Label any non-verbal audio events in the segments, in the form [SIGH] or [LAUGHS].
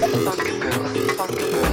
Funky girl, funky girl.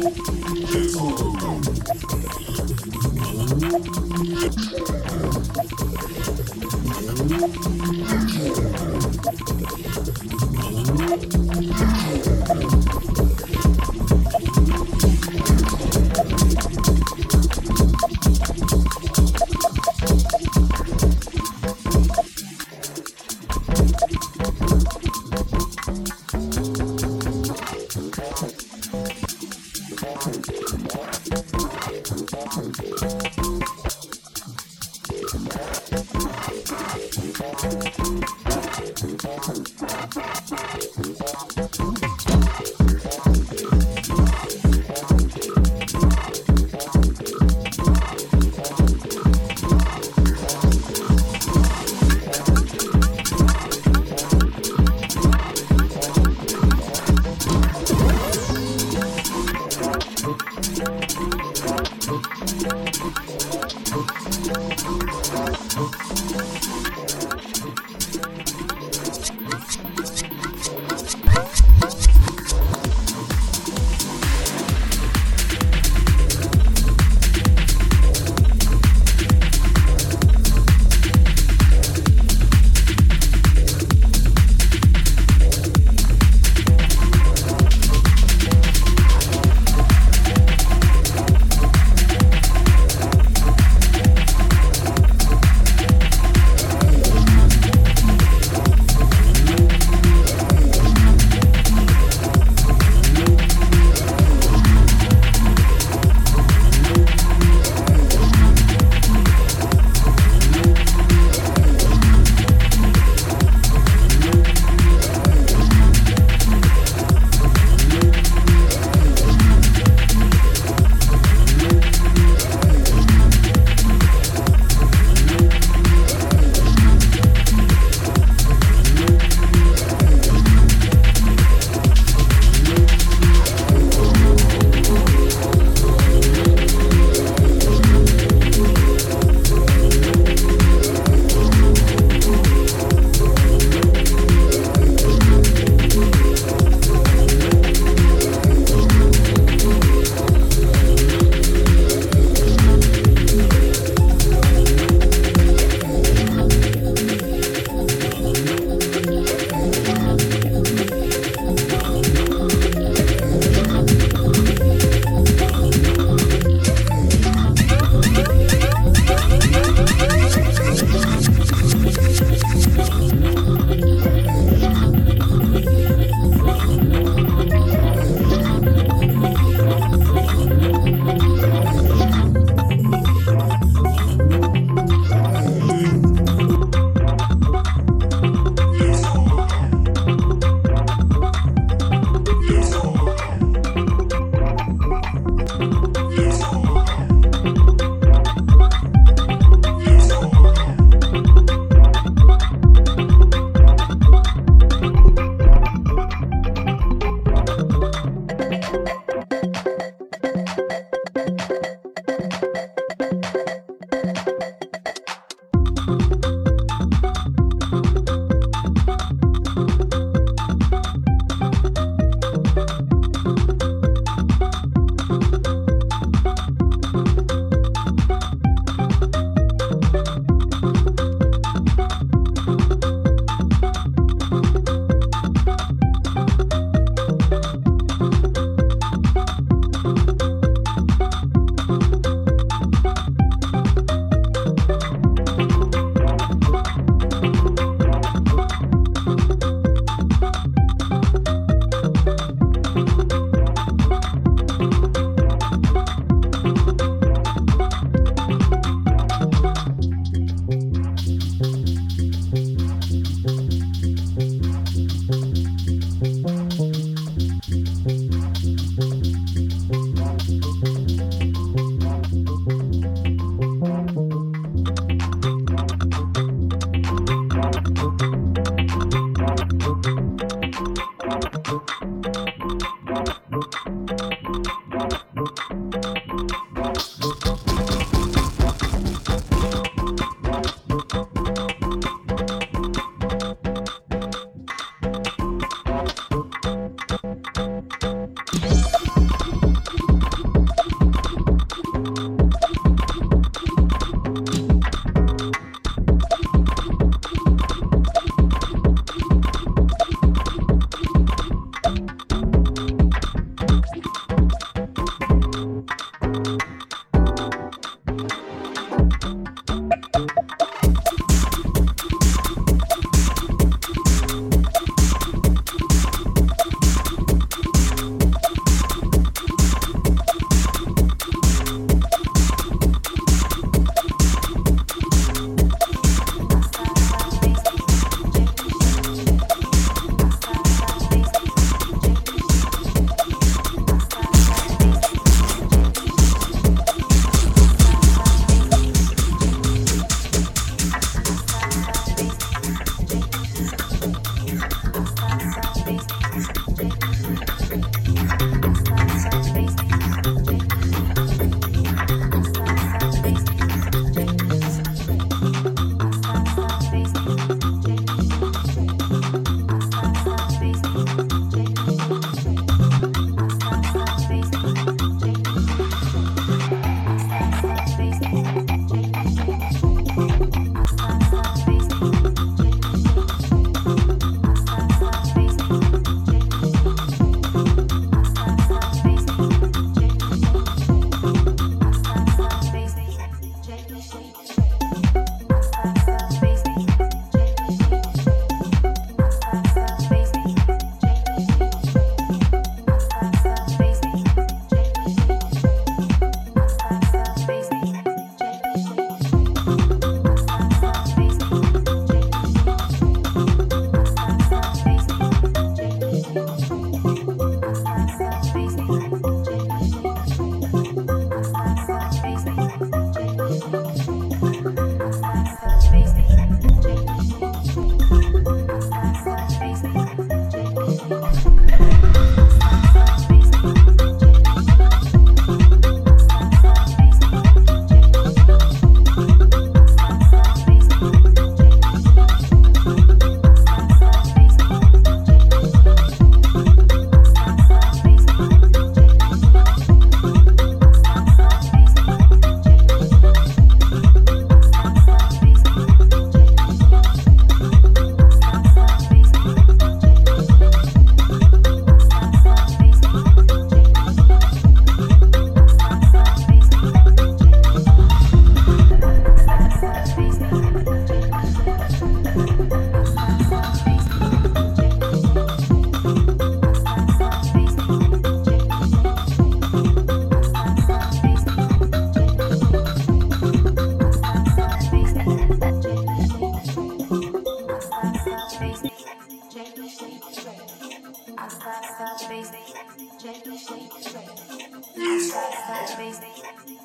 Thank you.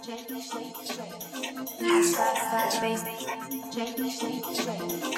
Jake, shake, shake. Bass, bass, bass, bass. Jake, shake, shake.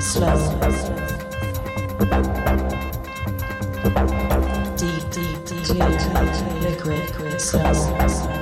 slow, deep, deep, clear, liquid, slow.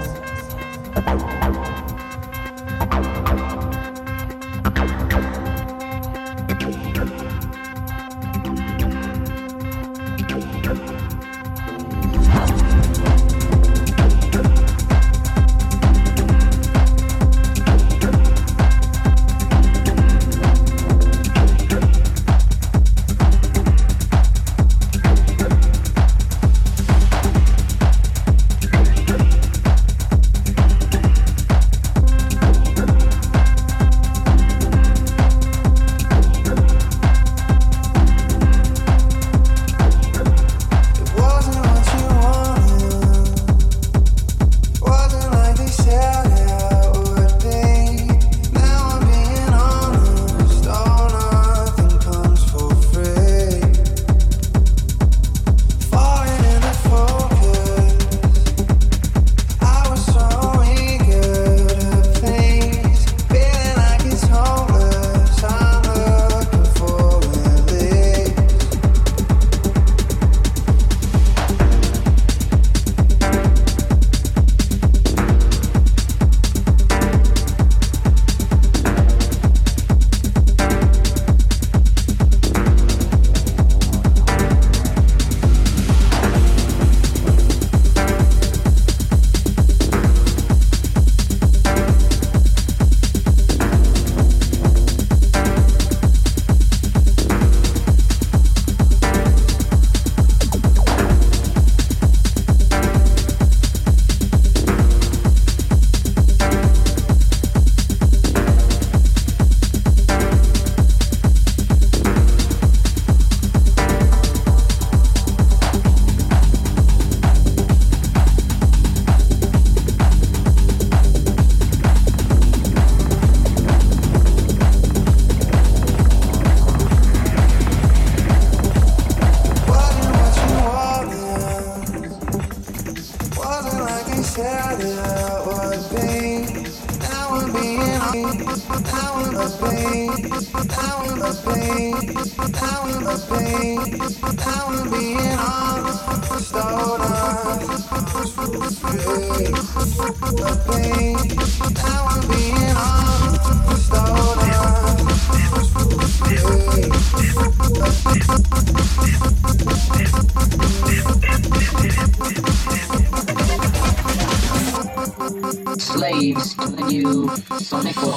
conejo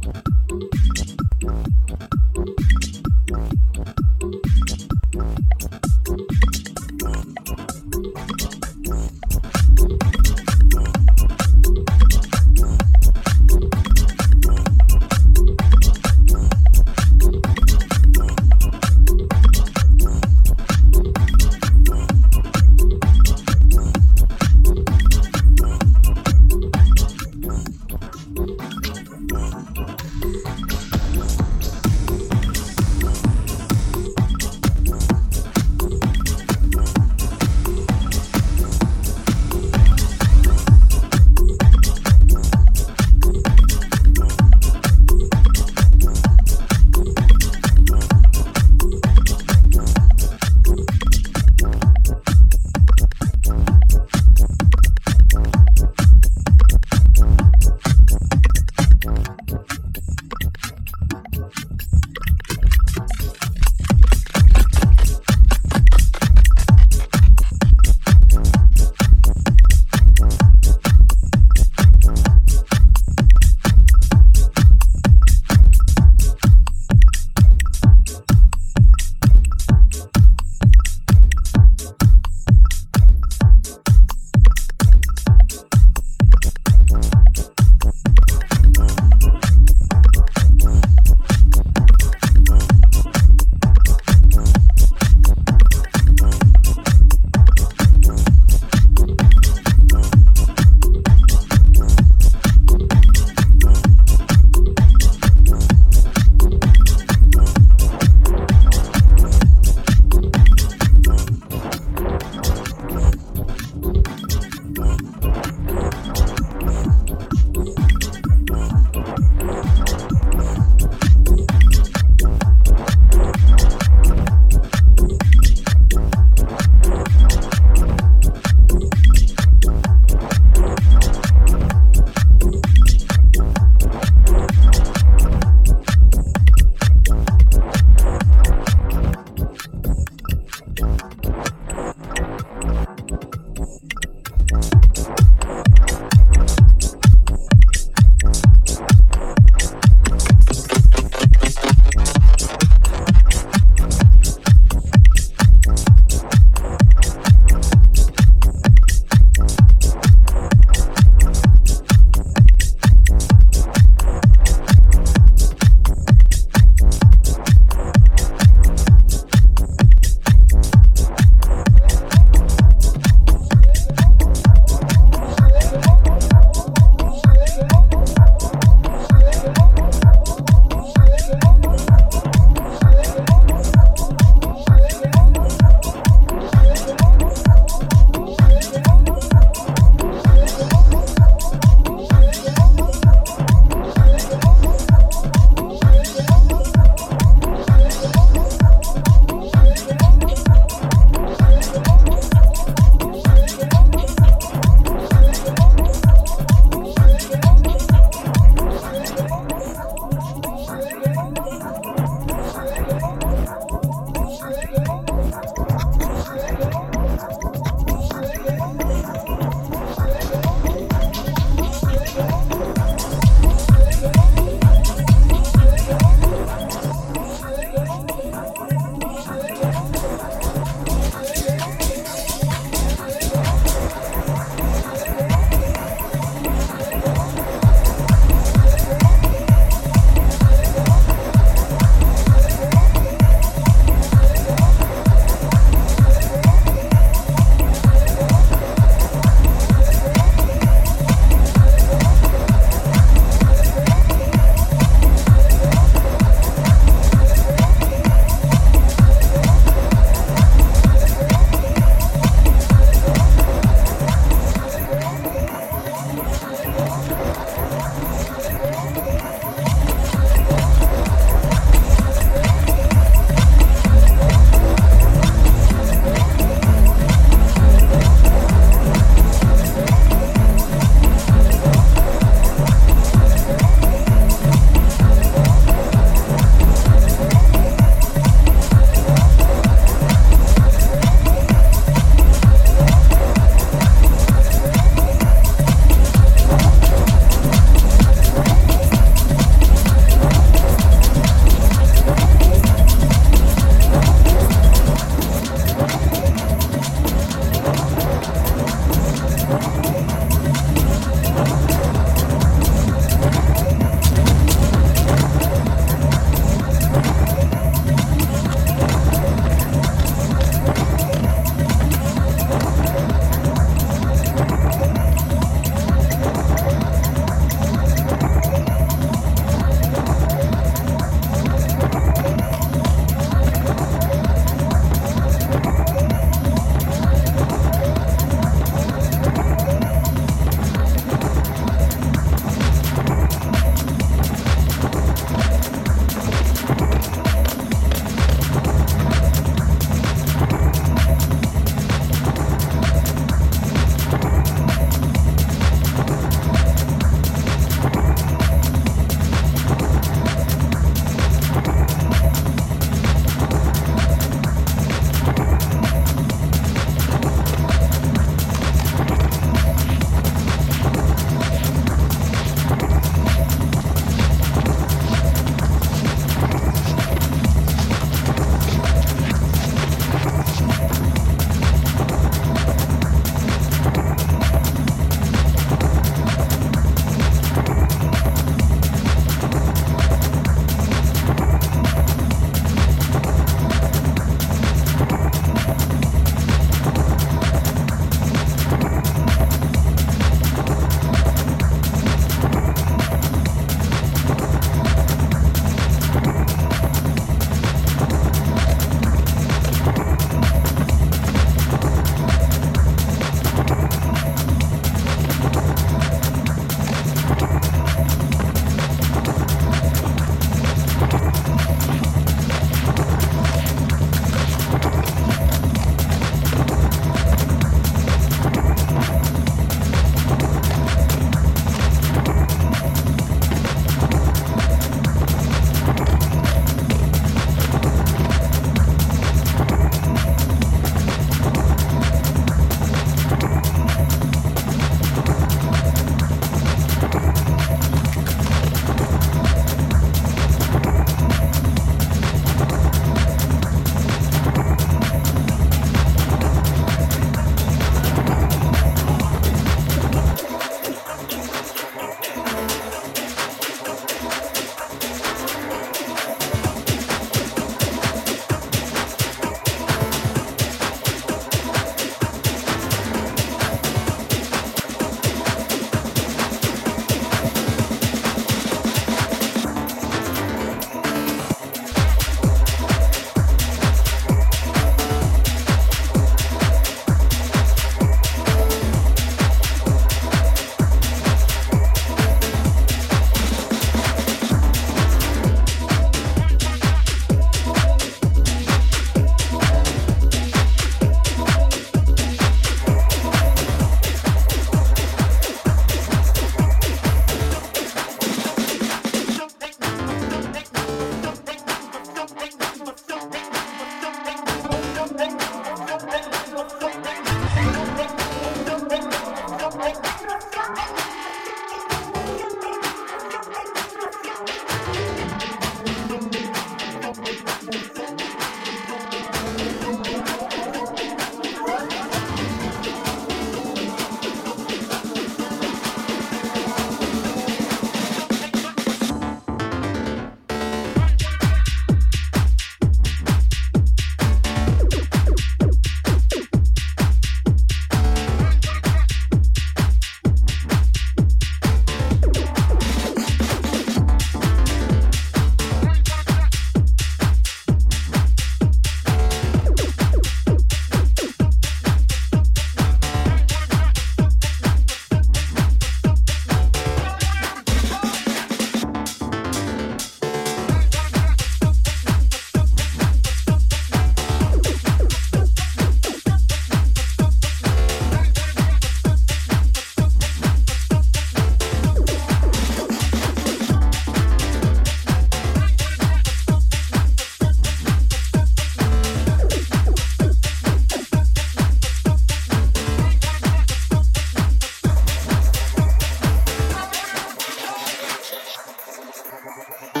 Thank [LAUGHS] you.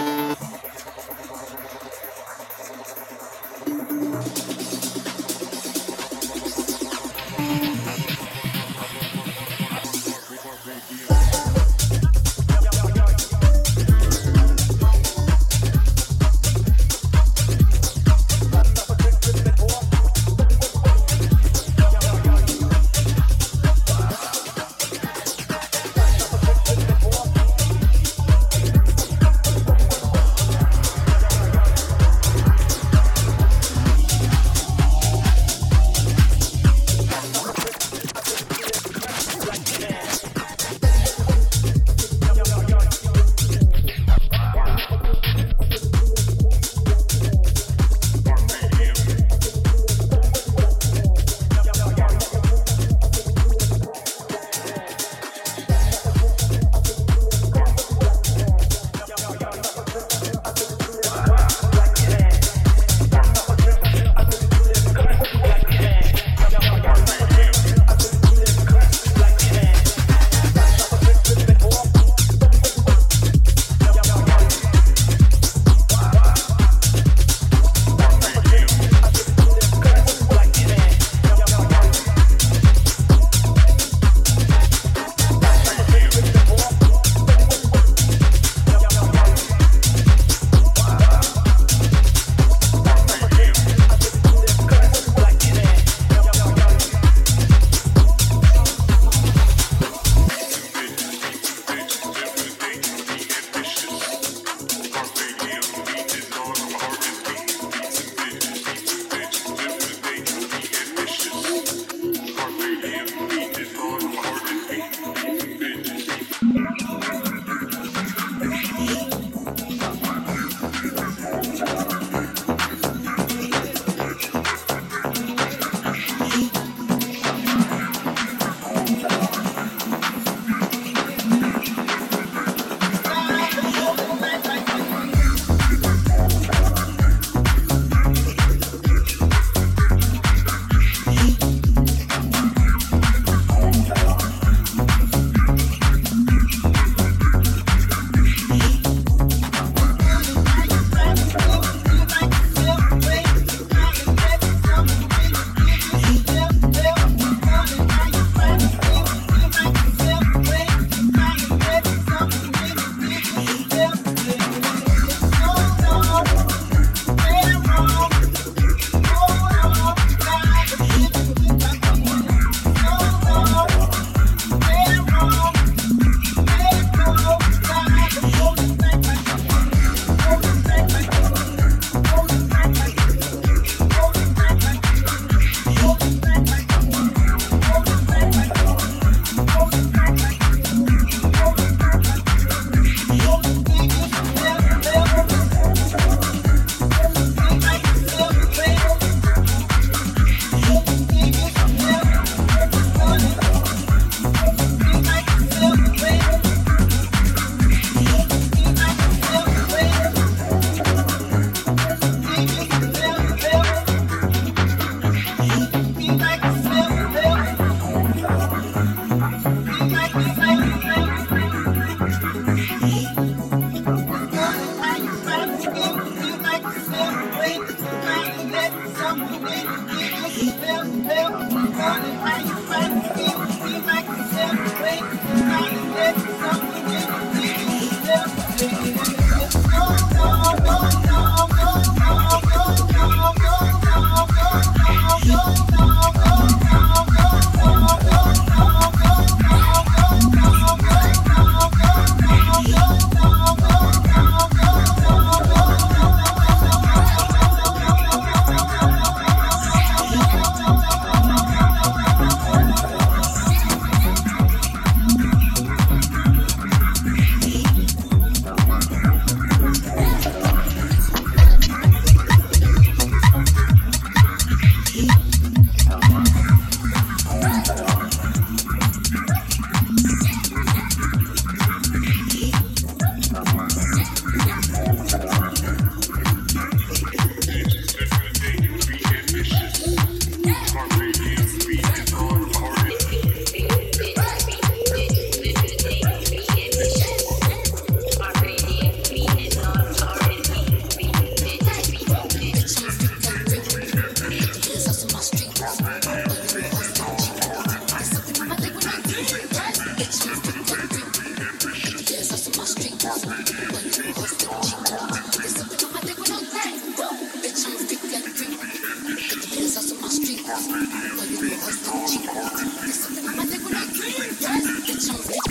Music.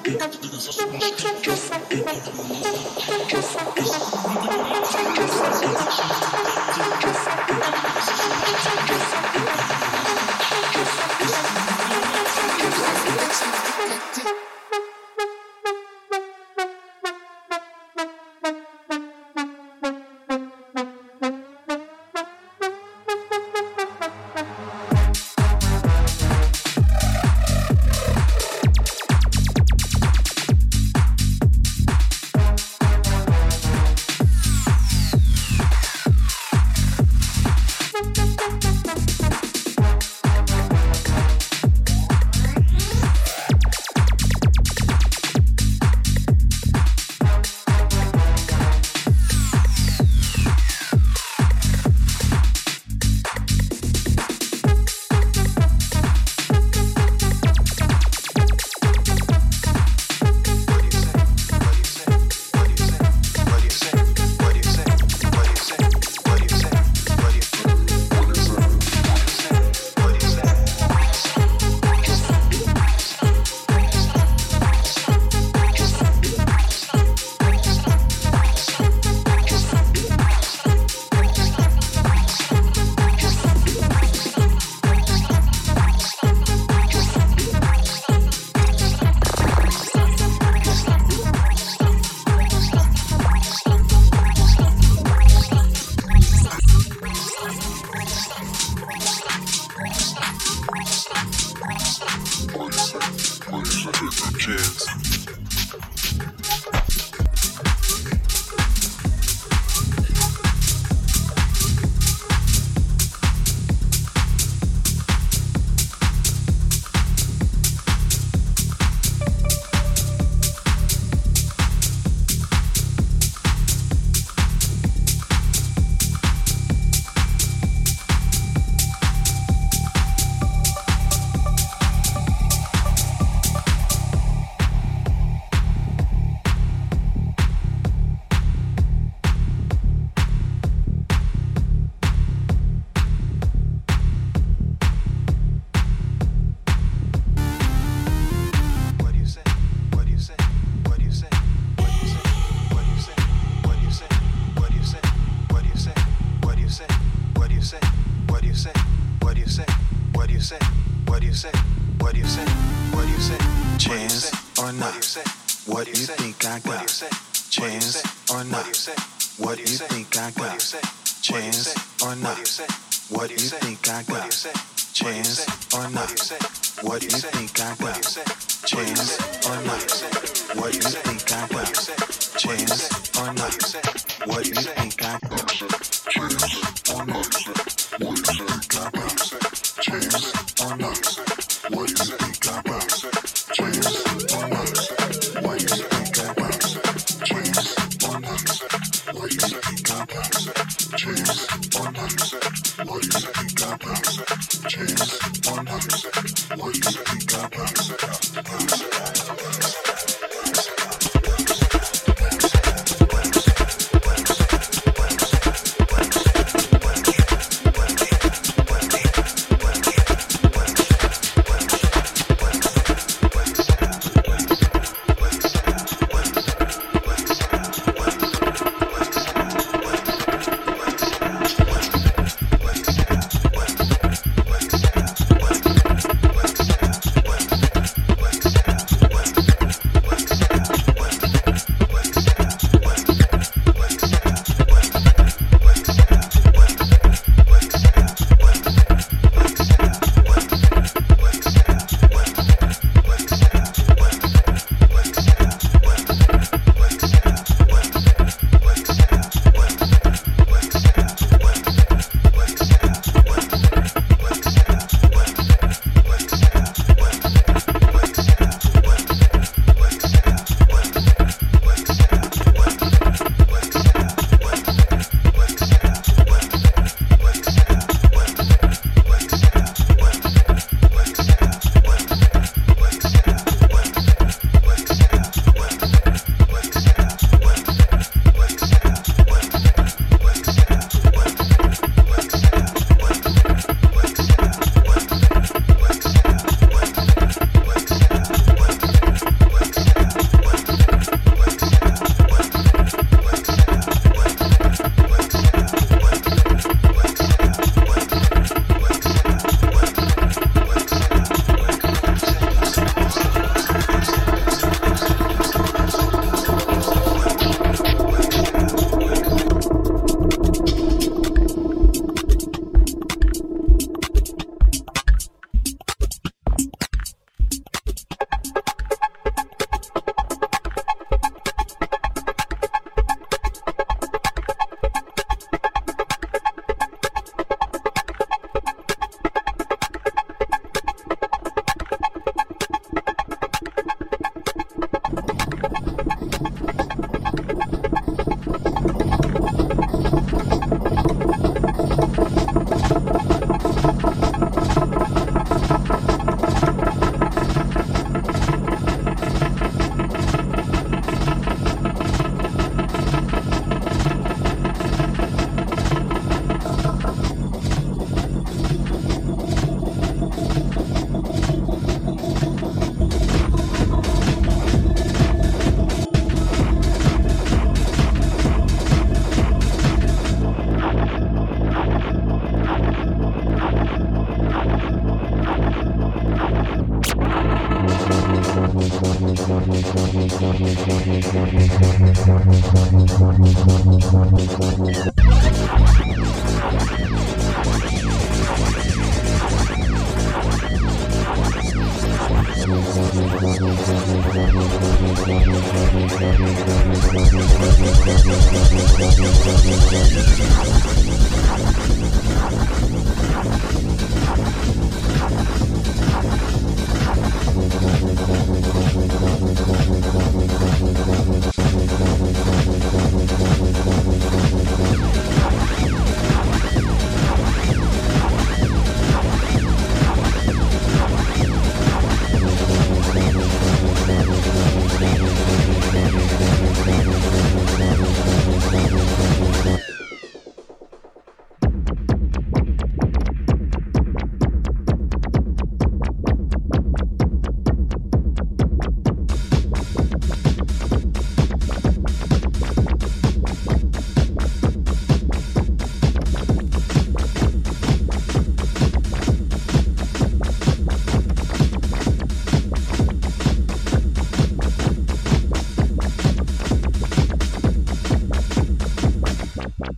Thank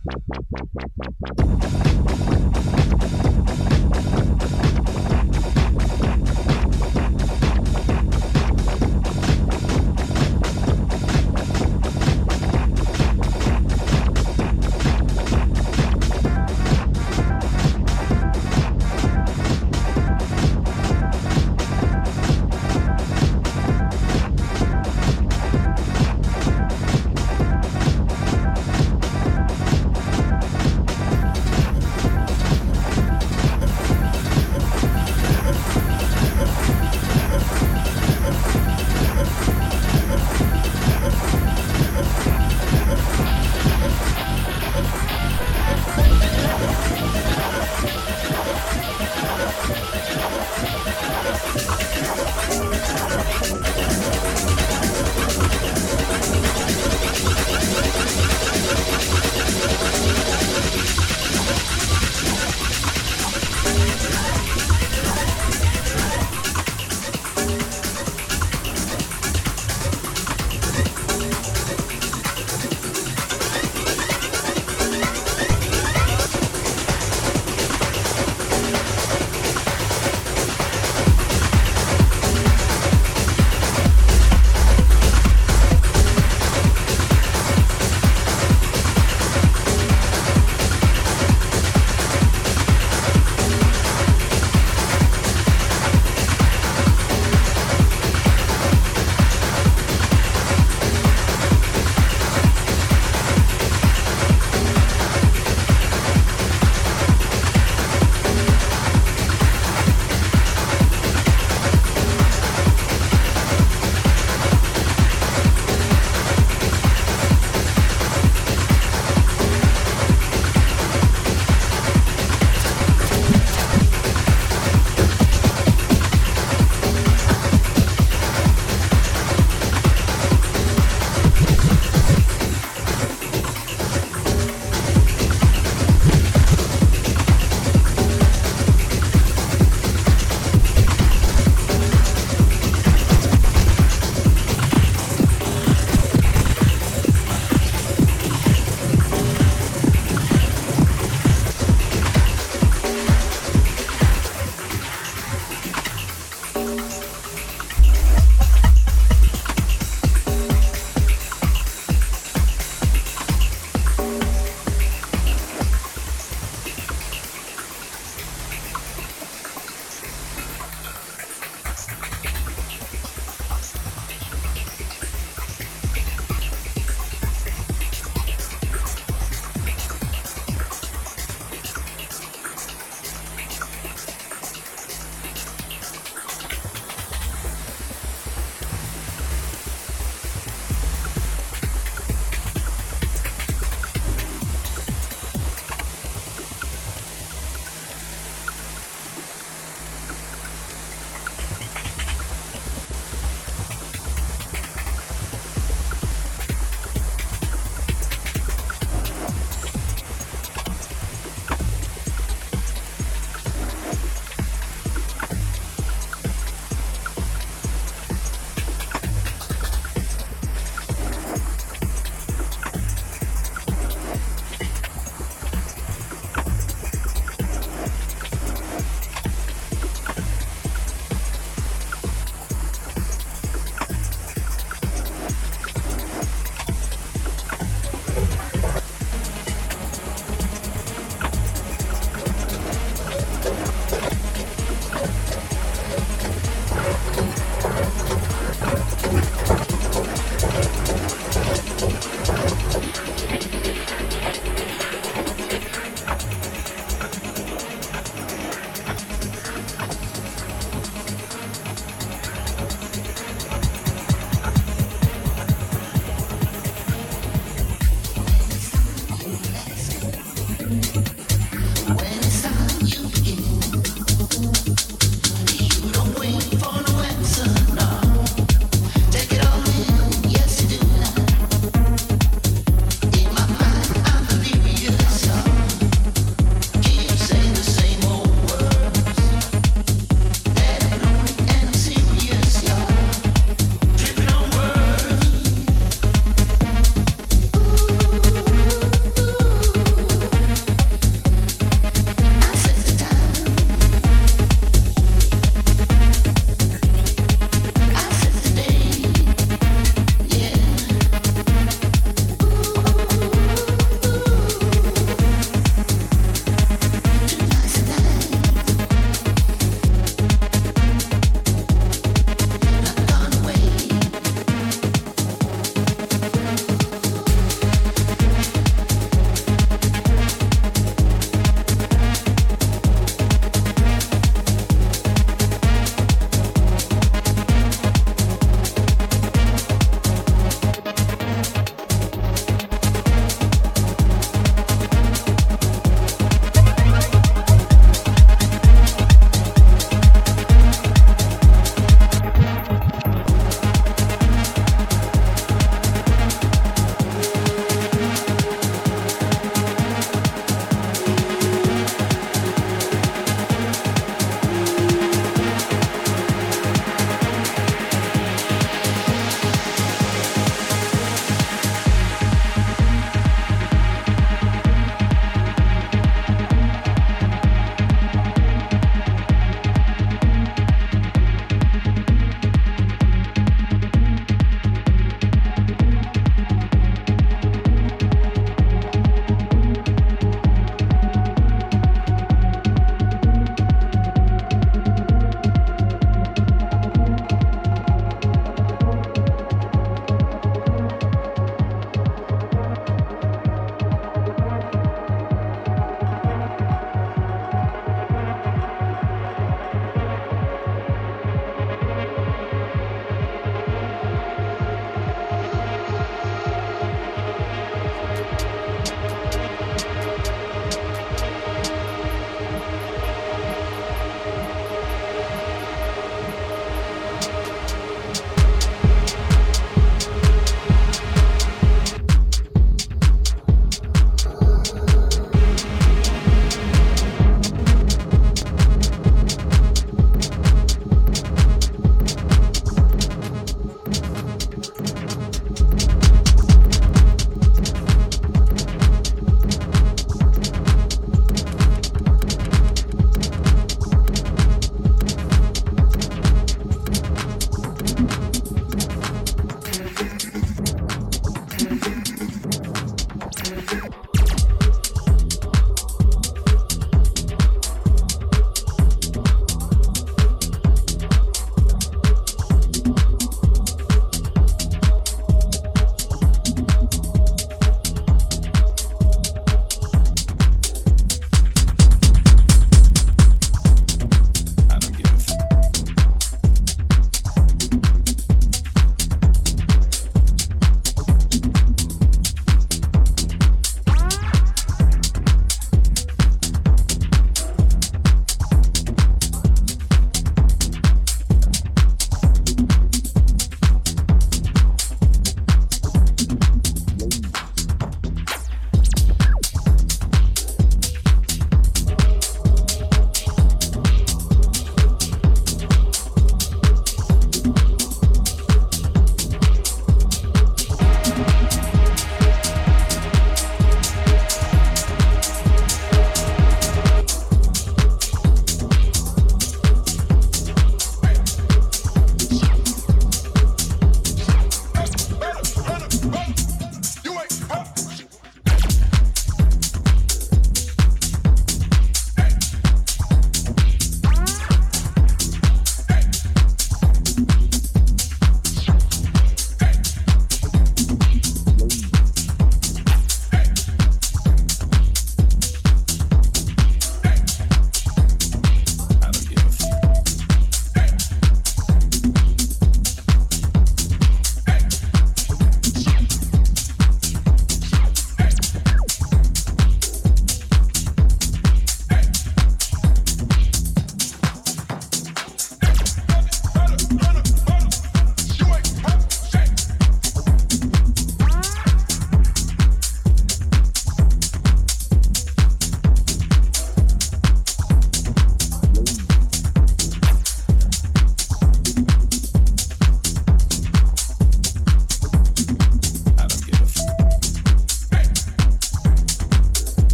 you.